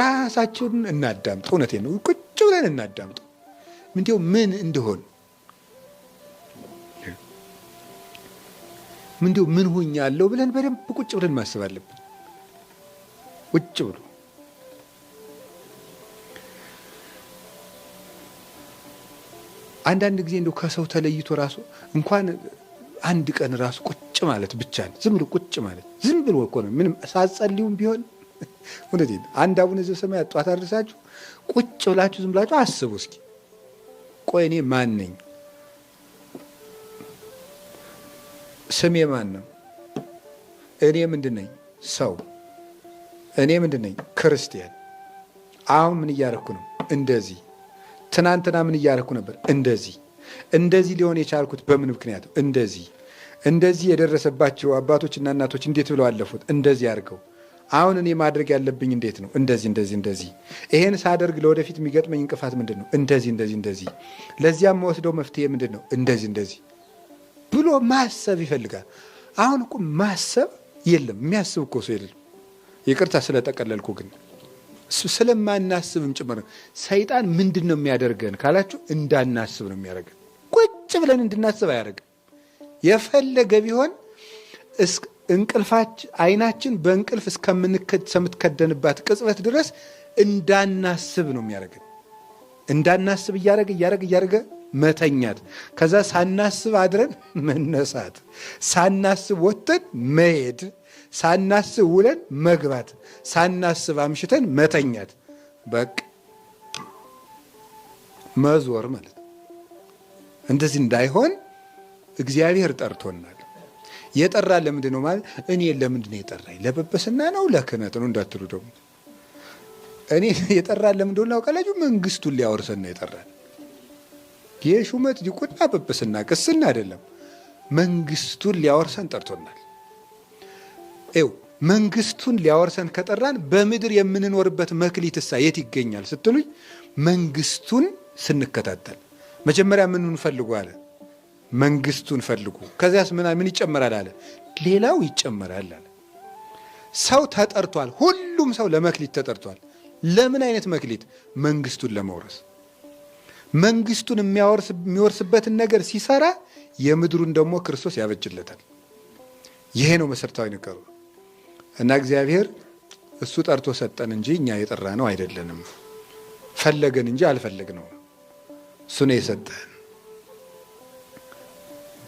ራሳችንን እናዳምጥ። እውነቴ ነው። ቁጭ ብለን እናዳምጡ። እንዲያው ምን እንደሆን እንዲያው ምን ሆኛለሁ ብለን በደንብ ቁጭ ብለን ማሰብ አለብን። ቁጭ ብሎ አንዳንድ ጊዜ እንደው ከሰው ተለይቶ ራሱ እንኳን አንድ ቀን ራሱ ቁጭ ማለት ብቻ ነው። ዝም ብሎ ቁጭ ማለት ዝም ብሎ እኮ ነው። ምንም ሳጸልዩም ቢሆን እውነቴን አንድ አቡነ ሰማይ ጧት አድርሳችሁ ቁጭ ብላችሁ ዝም ብላችሁ አስቡ እስኪ። ቆይ እኔ ማን ነኝ? ስሜ ማን ነው? እኔ ምንድን ነኝ? ሰው። እኔ ምንድን ነኝ? ክርስቲያን። አሁን ምን እያደረኩ ነው? እንደዚህ። ትናንትና ምን እያደረኩ ነበር? እንደዚህ። እንደዚህ ሊሆን የቻልኩት በምን ምክንያት? እንደዚህ። እንደዚህ የደረሰባቸው አባቶችና እናቶች እንዴት ብለው አለፉት? እንደዚህ አድርገው አሁን እኔ ማድረግ ያለብኝ እንዴት ነው? እንደዚህ እንደዚህ እንደዚህ፣ ይሄን ሳደርግ ለወደፊት የሚገጥመኝ እንቅፋት ምንድን ነው? እንደዚህ እንደዚህ እንደዚህ፣ ለዚያም መወስደው መፍትሄ ምንድን ነው? እንደዚህ እንደዚህ ብሎ ማሰብ ይፈልጋል። አሁን እኮ ማሰብ የለም፣ የሚያስብ እኮ ሰው የለም። ይቅርታ ስለጠቀለልኩ ግን ስለማናስብም ጭምር ሰይጣን ምንድን ነው የሚያደርገን ካላችሁ፣ እንዳናስብ ነው የሚያደርገን። ቁጭ ብለን እንድናስብ አያደርግም። የፈለገ ቢሆን እንቅልፋች አይናችን በእንቅልፍ እስከምትከደንባት ቅጽበት ድረስ እንዳናስብ ነው የሚያደርገን። እንዳናስብ እያደረገ እያደረገ እያደረገ መተኛት፣ ከዛ ሳናስብ አድረን መነሳት፣ ሳናስብ ወጥተን መሄድ፣ ሳናስብ ውለን መግባት፣ ሳናስብ አምሽተን መተኛት፣ በቃ መዞር ማለት ነው። እንደዚህ እንዳይሆን እግዚአብሔር ጠርቶናል። የጠራ ለምንድን ነው ማለት እኔ ለምንድ ነው የጠራኝ? ለጵጵስና ነው ለክህነት ነው እንዳትሉ ደግሞ እኔ የጠራ ለምንድን ነው ላውቃላችሁ? መንግስቱን ሊያወርሰን ነው የጠራን። የሹመት ዲቁና፣ ጵጵስና፣ ቅስና አይደለም፣ መንግስቱን ሊያወርሰን ጠርቶናል። ው መንግስቱን ሊያወርሰን ከጠራን በምድር የምንኖርበት መክሊትሳ የት ይገኛል ስትሉኝ መንግስቱን ስንከታተል መጀመሪያ ምን እንፈልገዋለን? መንግስቱን ፈልጉ። ከዚያስ ምን ምን ይጨመራል አለ፣ ሌላው ይጨመራል አለ። ሰው ተጠርቷል። ሁሉም ሰው ለመክሊት ተጠርቷል። ለምን አይነት መክሊት? መንግስቱን ለመውረስ። መንግስቱን የሚወርስበትን ነገር ሲሰራ የምድሩን ደግሞ ክርስቶስ ያበጅለታል። ይሄ ነው መሰረታዊ ነገሩ እና እግዚአብሔር እሱ ጠርቶ ሰጠን እንጂ እኛ የጠራ ነው አይደለንም። ፈለገን እንጂ አልፈለግ ነው እሱ ነው የሰጠን።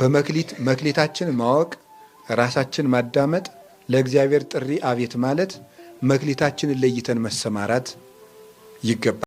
በመክሊት መክሊታችን ማወቅ፣ ራሳችን ማዳመጥ፣ ለእግዚአብሔር ጥሪ አቤት ማለት፣ መክሊታችንን ለይተን መሰማራት ይገባል።